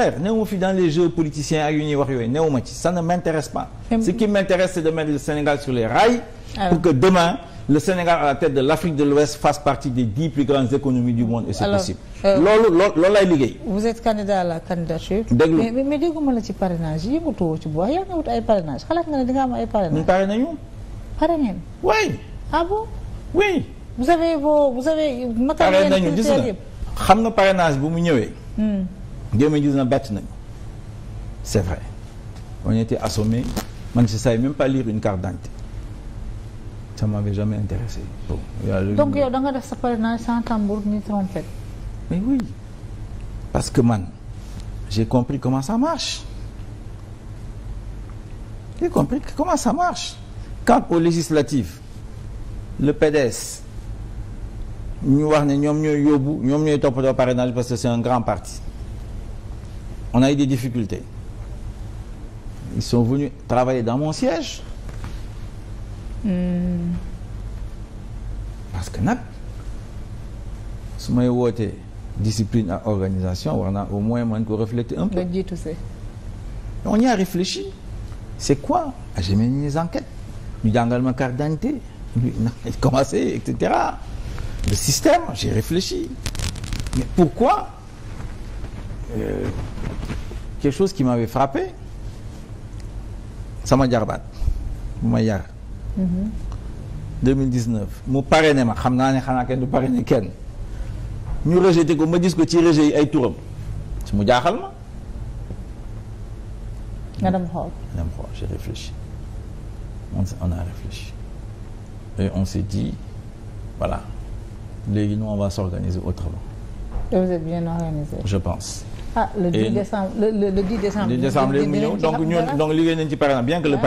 clair néew ma fi dans les a politiciens ak yu ñuy wax yooyu néew ma ci ça ne m'intéresse pas ce qui m'intéresse c'est de mettre le Sénégal sur les rails alors. Ah que demain le Sénégal à la tête de l'Afrique de l'Ouest fasse partie des dix plus grandes économies du monde et c'est possible euh, loolu loolu loolu lay liggéey vous êtes candidat la candidature déglu mais mais la ci parrainage yëngatuwoo ci bu baax yaa ngi wut ah bon oui vous avez 2019 bett nañu c'est vrai on était assommés man je savais même pas lire une carte d'identité ça m'avait jamais intéressé bon. donc yow da nga def sa parrainage sans tambour ni trompette. mais oui parce que man j'ai compris comment ça marche j'ai compris comment ça marche quant aux législatives le PDS ñu wax ne ñoom ñooy yóbbu ñoom ñooy toppatoo parrainage parce que c'est un grand parti on a eu des difficultés ils sont venus dans mon siège mm. parce que nag su may wootee discipline à organisation war naa au moins mën ko refléter un peu on y a réfléchi c'est quoi ah, j'ai mené des enquêtes ñu jàngal ma carte d'identité ñu commencé et cetera le système j'ai réfléchi mais pourquoi euh, quelque chose qui m'avait frappé sama jarbaat bu ma yar. 2019 mhm. mu parrainé ma xam naa ne xanaa kenn du parrainé kenn ñu rejeté ko ma gis ko ci rejet yi ay turam su mu jaaxal ma. nga dem xool nga dem xool j'ai réfléchi on on a réfléchi et on s'est dit voilà léegi nous on va s'organiser autrement. vous êtes bien organisé. je pense. ah le 10 décembre le le le 10 décembre. le 10 décembre donc ñun donc ci par bien que le